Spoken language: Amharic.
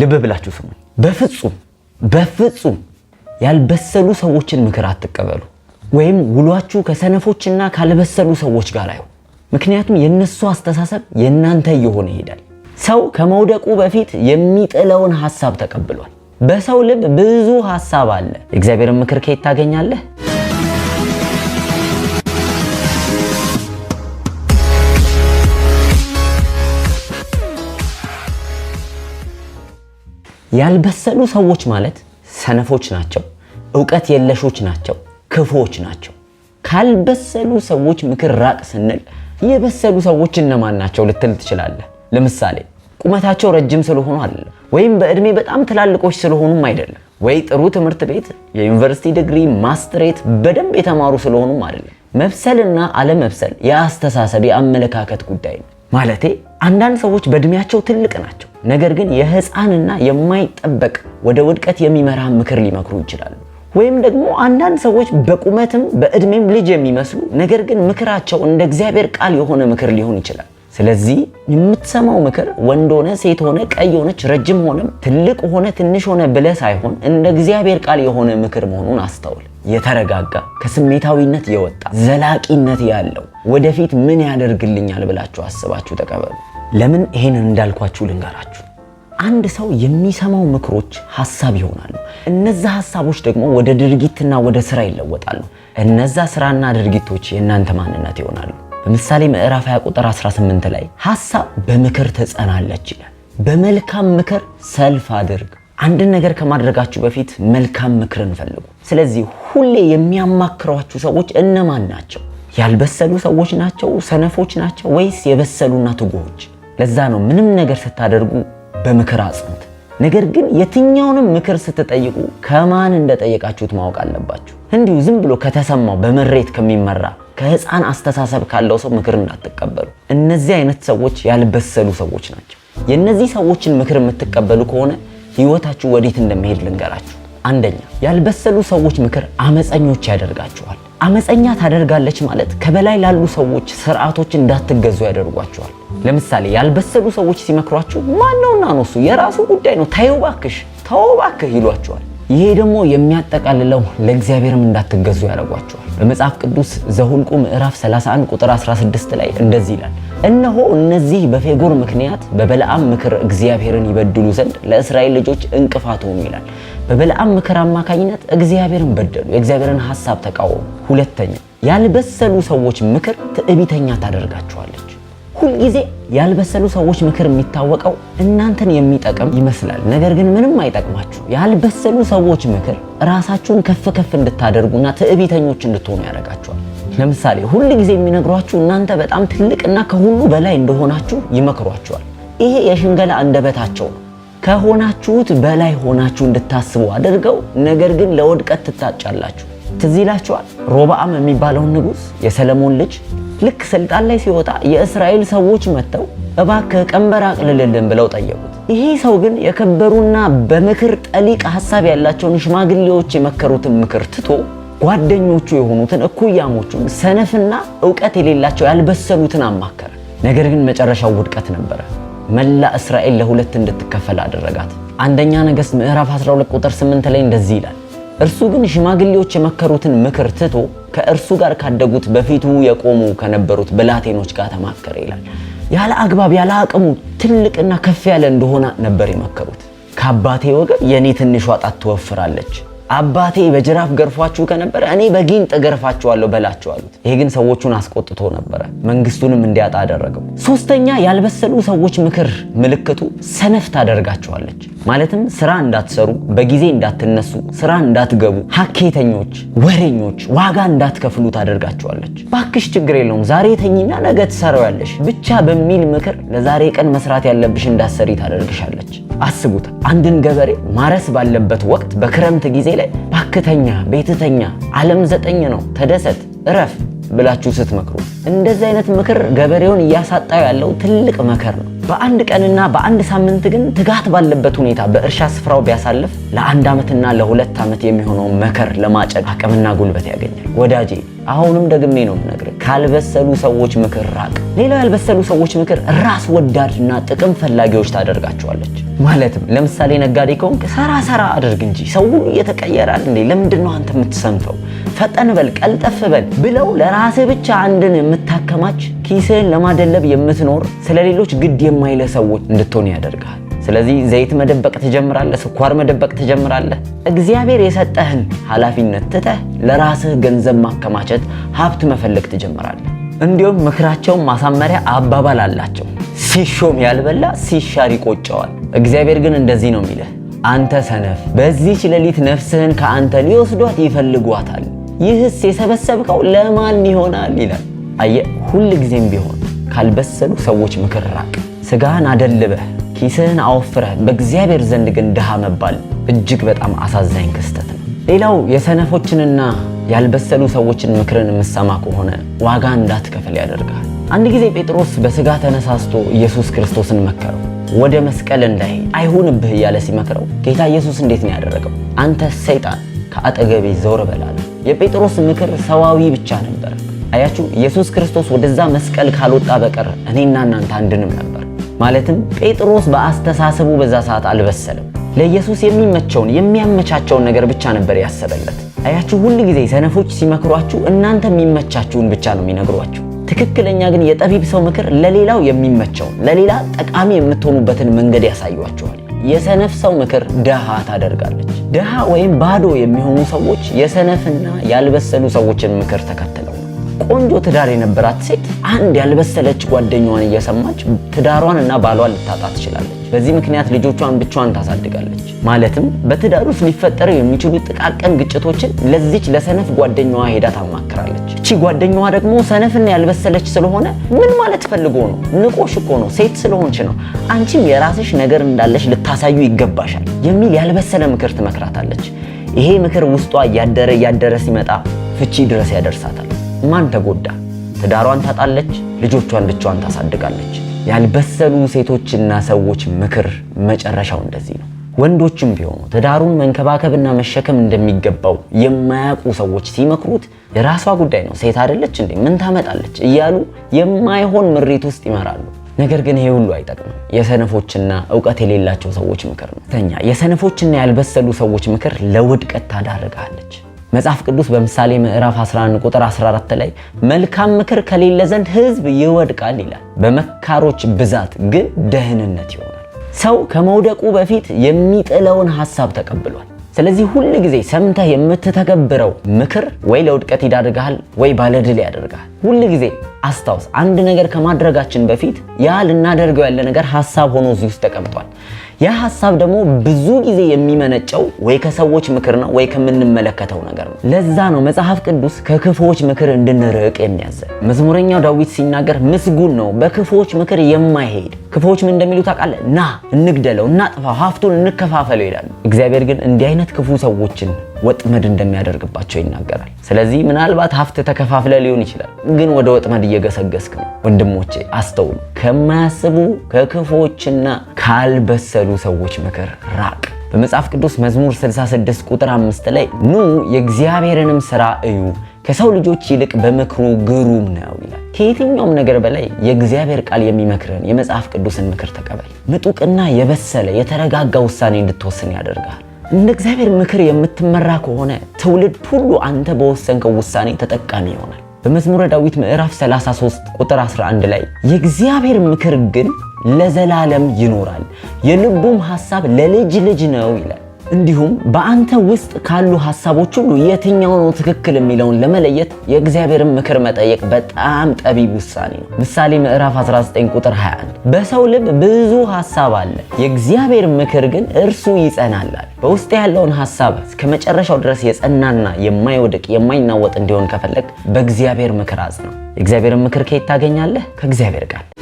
ልብ ብላችሁ ስሙ። በፍጹም በፍጹም ያልበሰሉ ሰዎችን ምክር አትቀበሉ፣ ወይም ውሏችሁ ከሰነፎችና ካልበሰሉ ሰዎች ጋር አይሁን። ምክንያቱም የእነሱ አስተሳሰብ የእናንተ እየሆነ ይሄዳል። ሰው ከመውደቁ በፊት የሚጥለውን ሐሳብ ተቀብሏል። በሰው ልብ ብዙ ሐሳብ አለ። የእግዚአብሔርን ምክር ከየት ታገኛለህ? ያልበሰሉ ሰዎች ማለት ሰነፎች ናቸው፣ እውቀት የለሾች ናቸው፣ ክፉዎች ናቸው። ካልበሰሉ ሰዎች ምክር ራቅ ስንል የበሰሉ ሰዎች እነማን ናቸው ልትል ትችላለህ። ለምሳሌ ቁመታቸው ረጅም ስለሆኑ አይደለም፣ ወይም በእድሜ በጣም ትላልቆች ስለሆኑም አይደለም፣ ወይ ጥሩ ትምህርት ቤት የዩኒቨርሲቲ ዲግሪ፣ ማስትሬት በደንብ የተማሩ ስለሆኑም አይደለም። መብሰልና አለመብሰል የአስተሳሰብ የአመለካከት ጉዳይ ነው። ማለቴ አንዳንድ ሰዎች በእድሜያቸው ትልቅ ናቸው ነገር ግን የህፃንና የማይጠበቅ ወደ ውድቀት የሚመራ ምክር ሊመክሩ ይችላሉ። ወይም ደግሞ አንዳንድ ሰዎች በቁመትም በእድሜም ልጅ የሚመስሉ ነገር ግን ምክራቸው እንደ እግዚአብሔር ቃል የሆነ ምክር ሊሆን ይችላል። ስለዚህ የምትሰማው ምክር ወንድ ሆነ ሴት ሆነ ቀይ ሆነች ረጅም ሆነም ትልቅ ሆነ ትንሽ ሆነ ብለህ ሳይሆን እንደ እግዚአብሔር ቃል የሆነ ምክር መሆኑን አስተውል። የተረጋጋ ከስሜታዊነት የወጣ ዘላቂነት ያለው ወደፊት ምን ያደርግልኛል ብላችሁ አስባችሁ ተቀበሉ። ለምን ይሄንን እንዳልኳችሁ ልንገራችሁ። አንድ ሰው የሚሰማው ምክሮች ሀሳብ ይሆናሉ። እነዛ ሀሳቦች ደግሞ ወደ ድርጊትና ወደ ስራ ይለወጣሉ። እነዛ ስራና ድርጊቶች የእናንተ ማንነት ይሆናሉ። በምሳሌ ምዕራፍ 20 ቁጥር 18 ላይ ሀሳብ በምክር ትጸናለች ይላል። በመልካም ምክር ሰልፍ አድርግ። አንድን ነገር ከማድረጋችሁ በፊት መልካም ምክርን ፈልጉ። ስለዚህ ሁሌ የሚያማክሯችሁ ሰዎች እነማን ናቸው? ያልበሰሉ ሰዎች ናቸው? ሰነፎች ናቸው? ወይስ የበሰሉና ትጉሆች? ለዛ ነው ምንም ነገር ስታደርጉ በምክር አጽኑት። ነገር ግን የትኛውንም ምክር ስትጠይቁ ከማን እንደጠየቃችሁት ማወቅ አለባችሁ። እንዲሁ ዝም ብሎ ከተሰማው በምሬት ከሚመራ ከህፃን አስተሳሰብ ካለው ሰው ምክር እንዳትቀበሉ። እነዚህ አይነት ሰዎች ያልበሰሉ ሰዎች ናቸው። የእነዚህ ሰዎችን ምክር የምትቀበሉ ከሆነ ህይወታችሁ ወዴት እንደሚሄድ ልንገራችሁ። አንደኛ ያልበሰሉ ሰዎች ምክር አመፀኞች ያደርጋችኋል። አመፀኛ ታደርጋለች ማለት ከበላይ ላሉ ሰዎች ስርዓቶች እንዳትገዙ ያደርጓችኋል። ለምሳሌ ያልበሰሉ ሰዎች ሲመክሯችሁ ማነውና ነው የራሱ ጉዳይ ነው ታየው እባክሽ ተው እባክህ ይሏቸዋል። ይሄ ደግሞ የሚያጠቃልለው ለእግዚአብሔርም እንዳትገዙ ያደርጓቸዋል። በመጽሐፍ ቅዱስ ዘሁልቁ ምዕራፍ 31 ቁጥር 16 ላይ እንደዚህ ይላል፣ እነሆ እነዚህ በፌጎር ምክንያት በበለዓም ምክር እግዚአብሔርን ይበድሉ ዘንድ ለእስራኤል ልጆች እንቅፋት ሆኑ ይላል። በበለዓም ምክር አማካኝነት እግዚአብሔርን በደሉ፣ የእግዚአብሔርን ሐሳብ ተቃወሙ። ሁለተኛ ያልበሰሉ ሰዎች ምክር ትዕቢተኛ ታደርጋቸዋለች። ጊዜ ያልበሰሉ ሰዎች ምክር የሚታወቀው እናንተን የሚጠቅም ይመስላል፣ ነገር ግን ምንም አይጠቅማችሁ። ያልበሰሉ ሰዎች ምክር ራሳችሁን ከፍ ከፍ እንድታደርጉና ትዕቢተኞች እንድትሆኑ ያደርጋችኋል። ለምሳሌ ሁል ጊዜ የሚነግሯችሁ እናንተ በጣም ትልቅና ከሁሉ በላይ እንደሆናችሁ ይመክሯችኋል። ይሄ የሽንገላ አንደበታቸው ነው። ከሆናችሁት በላይ ሆናችሁ እንድታስቡ አድርገው፣ ነገር ግን ለውድቀት ትታጫላችሁ። ትዝ ይላችኋል ሮብዓም የሚባለውን ንጉሥ የሰለሞን ልጅ ልክ ስልጣን ላይ ሲወጣ የእስራኤል ሰዎች መጥተው እባክህ ቀንበር አቅልልልን ብለው ጠየቁት። ይሄ ሰው ግን የከበሩና በምክር ጠሊቅ ሀሳብ ያላቸውን ሽማግሌዎች የመከሩትን ምክር ትቶ ጓደኞቹ የሆኑትን እኩያሞቹን ሰነፍና እውቀት የሌላቸው ያልበሰሉትን አማከረ። ነገር ግን መጨረሻው ውድቀት ነበረ። መላ እስራኤል ለሁለት እንድትከፈል አደረጋት። አንደኛ ነገሥት ምዕራፍ 12 ቁጥር 8 ላይ እንደዚህ ይላል፣ እርሱ ግን ሽማግሌዎች የመከሩትን ምክር ትቶ ከእርሱ ጋር ካደጉት በፊቱ የቆሙ ከነበሩት ብላቴኖች ጋር ተማከረ ይላል። ያለ አግባብ ያለ አቅሙ ትልቅና ከፍ ያለ እንደሆነ ነበር የመከሩት። ከአባቴ ወገብ የኔ ትንሿ ጣት ትወፍራለች አባቴ በጅራፍ ገርፏችሁ ከነበረ እኔ በጊንጥ ገርፋችኋለሁ በላቸው አሉት። ይሄ ግን ሰዎቹን አስቆጥቶ ነበረ፣ መንግስቱንም እንዲያጣ አደረገው። ሶስተኛ ያልበሰሉ ሰዎች ምክር ምልክቱ ሰነፍ ታደርጋችኋለች። ማለትም ስራ እንዳትሰሩ፣ በጊዜ እንዳትነሱ፣ ስራ እንዳትገቡ፣ ሀኬተኞች፣ ወሬኞች፣ ዋጋ እንዳትከፍሉ ታደርጋችኋለች። ባክሽ ችግር የለውም ዛሬ ተኝና ነገ ትሰራያለሽ ብቻ በሚል ምክር ለዛሬ ቀን መስራት ያለብሽ እንዳሰሪ ታደርግሻለች። አስቡት አንድን ገበሬ ማረስ ባለበት ወቅት በክረምት ጊዜ ላይ ባክተኛ፣ ቤትተኛ፣ ዓለም ዘጠኝ ነው፣ ተደሰት፣ እረፍ ብላችሁ ስትመክሩ እንደዚህ አይነት ምክር ገበሬውን እያሳጣ ያለው ትልቅ መከር ነው። በአንድ ቀንና በአንድ ሳምንት ግን ትጋት ባለበት ሁኔታ በእርሻ ስፍራው ቢያሳልፍ ለአንድ ዓመትና ለሁለት ዓመት የሚሆነው መከር ለማጨድ አቅምና ጉልበት ያገኛል። ወዳጄ አሁንም ደግሜ ነው ነገር ካልበሰሉ ሰዎች ምክር ራቅ። ሌላው ያልበሰሉ ሰዎች ምክር ራስ ወዳድና ጥቅም ፈላጊዎች ታደርጋቸዋለች። ማለትም ለምሳሌ ነጋዴ ከሆንክ ሰራ ሰራ አድርግ እንጂ ሰው እየተቀየራል እንዴ? ለምንድን ነው አንተ የምትሰንፈው? ፈጠን በል፣ ቀልጠፍ በል ብለው ለራስህ ብቻ አንድን የምታከማች ኪስህን ለማደለብ የምትኖር ስለሌሎች ግድ የማይለ ሰዎች እንድትሆን ያደርጋል። ስለዚህ ዘይት መደበቅ ትጀምራለህ፣ ስኳር መደበቅ ትጀምራለህ። እግዚአብሔር የሰጠህን ኃላፊነት ትተህ ለራስህ ገንዘብ ማከማቸት፣ ሀብት መፈለግ ትጀምራለህ። እንዲሁም ምክራቸውን ማሳመሪያ አባባል አላቸው። ሲሾም ያልበላ ሲሻር ይቆጨዋል። እግዚአብሔር ግን እንደዚህ ነው የሚልህ፣ አንተ ሰነፍ፣ በዚህች ሌሊት ነፍስህን ከአንተ ሊወስዷት ይፈልጓታል፣ ይህስ የሰበሰብከው ለማን ይሆናል ይላል። አየህ፣ ጊዜም ቢሆን ካልበሰሉ ሰዎች ምክር ራቅ። ስጋህን አደልበህ ኪስህን አወፍረህ በእግዚአብሔር ዘንድ ግን ድሃ መባል እጅግ በጣም አሳዛኝ ክስተት ነው። ሌላው የሰነፎችንና ያልበሰሉ ሰዎችን ምክርን የምሰማ ከሆነ ዋጋ እንዳትከፍል ያደርጋል። አንድ ጊዜ ጴጥሮስ በስጋ ተነሳስቶ ኢየሱስ ክርስቶስን መከረው። ወደ መስቀል እንዳይሄድ አይሁንብህ እያለ ሲመክረው ጌታ ኢየሱስ እንዴት ነው ያደረገው? አንተ ሰይጣን ከአጠገቤ ዘውር በላለ። የጴጥሮስ ምክር ሰዋዊ ብቻ ነበር። አያችሁ፣ ኢየሱስ ክርስቶስ ወደዛ መስቀል ካልወጣ በቀር እኔና እናንተ አንድንም ነበር። ማለትም ጴጥሮስ በአስተሳሰቡ በዛ ሰዓት አልበሰለም። ለኢየሱስ የሚመቸውን የሚያመቻቸውን ነገር ብቻ ነበር ያሰበለት። አያችሁ፣ ሁል ጊዜ ሰነፎች ሲመክሯችሁ እናንተ የሚመቻችሁን ብቻ ነው የሚነግሯችሁ። ትክክለኛ ግን የጠቢብ ሰው ምክር ለሌላው የሚመቸው ለሌላ ጠቃሚ የምትሆኑበትን መንገድ ያሳያችኋል። የሰነፍ ሰው ምክር ደሃ ታደርጋለች። ደሃ ወይም ባዶ የሚሆኑ ሰዎች የሰነፍና ያልበሰሉ ሰዎችን ምክር ተከትለው ቆንጆ ትዳር የነበራት ሴት አንድ ያልበሰለች ጓደኛዋን እየሰማች ትዳሯን እና ባሏን ልታጣ ትችላለች። በዚህ ምክንያት ልጆቿን ብቻዋን ታሳድጋለች። ማለትም በትዳር ውስጥ ሊፈጠሩ የሚችሉ ጥቃቅን ግጭቶችን ለዚች ለሰነፍ ጓደኛዋ ሄዳ ታማክራለች። እቺ ጓደኛዋ ደግሞ ሰነፍና ያልበሰለች ስለሆነ ምን ማለት ፈልጎ ነው? ንቆሽ እኮ ነው፣ ሴት ስለሆንች ነው፣ አንቺም የራስሽ ነገር እንዳለሽ ልታሳዩ ይገባሻል የሚል ያልበሰለ ምክር ትመክራታለች። ይሄ ምክር ውስጧ እያደረ እያደረ ሲመጣ ፍቺ ድረስ ያደርሳታል። ማን ተጎዳ? ትዳሯን ታጣለች፣ ልጆቿን ብቻዋን ታሳድጋለች። ያልበሰሉ ሴቶችና ሰዎች ምክር መጨረሻው እንደዚህ ነው። ወንዶችም ቢሆኑ ትዳሩን መንከባከብና መሸከም እንደሚገባው የማያውቁ ሰዎች ሲመክሩት የራሷ ጉዳይ ነው፣ ሴት አይደለች እንዴ ምን ታመጣለች እያሉ የማይሆን ምሬት ውስጥ ይመራሉ። ነገር ግን ይሄ ሁሉ አይጠቅምም። የሰነፎችና እውቀት የሌላቸው ሰዎች ምክር ነው። ተኛ የሰነፎችና ያልበሰሉ ሰዎች ምክር ለውድቀት ታዳርጋለች። መጽሐፍ ቅዱስ በምሳሌ ምዕራፍ 11 ቁጥር 14 ላይ መልካም ምክር ከሌለ ዘንድ ሕዝብ ይወድቃል ይላል። በመካሮች ብዛት ግን ደህንነት ይሆናል። ሰው ከመውደቁ በፊት የሚጥለውን ሐሳብ ተቀብሏል። ስለዚህ ሁል ጊዜ ሰምተህ የምትተገብረው ምክር ወይ ለውድቀት ይዳርግሃል ወይ ባለድል ያደርግሃል። ሁል ጊዜ አስታውስ፣ አንድ ነገር ከማድረጋችን በፊት ያ ልናደርገው ያለ ነገር ሐሳብ ሆኖ እዚህ ውስጥ ተቀምጧል። ያ ሀሳብ ደግሞ ብዙ ጊዜ የሚመነጨው ወይ ከሰዎች ምክር ነው ወይ ከምንመለከተው ነገር ነው። ለዛ ነው መጽሐፍ ቅዱስ ከክፉዎች ምክር እንድንርቅ የሚያዘ መዝሙረኛው ዳዊት ሲናገር ምስጉን ነው በክፉዎች ምክር የማይሄድ ክፉዎች ምን እንደሚሉ ታውቃለህ? ና እንግደለው፣ እናጥፋው፣ ሀብቱን እንከፋፈለው ይላሉ። እግዚአብሔር ግን እንዲህ አይነት ክፉ ሰዎችን ወጥመድ እንደሚያደርግባቸው ይናገራል። ስለዚህ ምናልባት ሀብት ተከፋፍለ ሊሆን ይችላል፣ ግን ወደ ወጥመድ እየገሰገስክ ነው። ወንድሞቼ አስተውሉ። ከማያስቡ ከክፉዎችና ካልበሰሉ ሰዎች ምክር ራቅ። በመጽሐፍ ቅዱስ መዝሙር 66 ቁጥር 5 ላይ ኑ የእግዚአብሔርንም ስራ እዩ ከሰው ልጆች ይልቅ በምክሩ ግሩም ነው ይላል። ከየትኛውም ነገር በላይ የእግዚአብሔር ቃል የሚመክርህን የመጽሐፍ ቅዱስን ምክር ተቀበል። ምጡቅና የበሰለ የተረጋጋ ውሳኔ እንድትወስን ያደርግሃል። እንደ እግዚአብሔር ምክር የምትመራ ከሆነ ትውልድ ሁሉ አንተ በወሰንከው ውሳኔ ተጠቃሚ ይሆናል። በመዝሙረ ዳዊት ምዕራፍ 33 ቁጥር 11 ላይ የእግዚአብሔር ምክር ግን ለዘላለም ይኖራል፣ የልቡም ሐሳብ ለልጅ ልጅ ነው ይላል። እንዲሁም በአንተ ውስጥ ካሉ ሀሳቦች ሁሉ የትኛው ነው ትክክል የሚለውን ለመለየት የእግዚአብሔርን ምክር መጠየቅ በጣም ጠቢብ ውሳኔ ነው። ምሳሌ ምዕራፍ 19 ቁጥር 21 በሰው ልብ ብዙ ሀሳብ አለ፣ የእግዚአብሔር ምክር ግን እርሱ ይጸናላል። በውስጥ ያለውን ሀሳብ እስከ መጨረሻው ድረስ የጸናና የማይወድቅ የማይናወጥ እንዲሆን ከፈለግ በእግዚአብሔር ምክር አጽናው። የእግዚአብሔርን ምክር ከየት ታገኛለህ? ከእግዚአብሔር ቃል።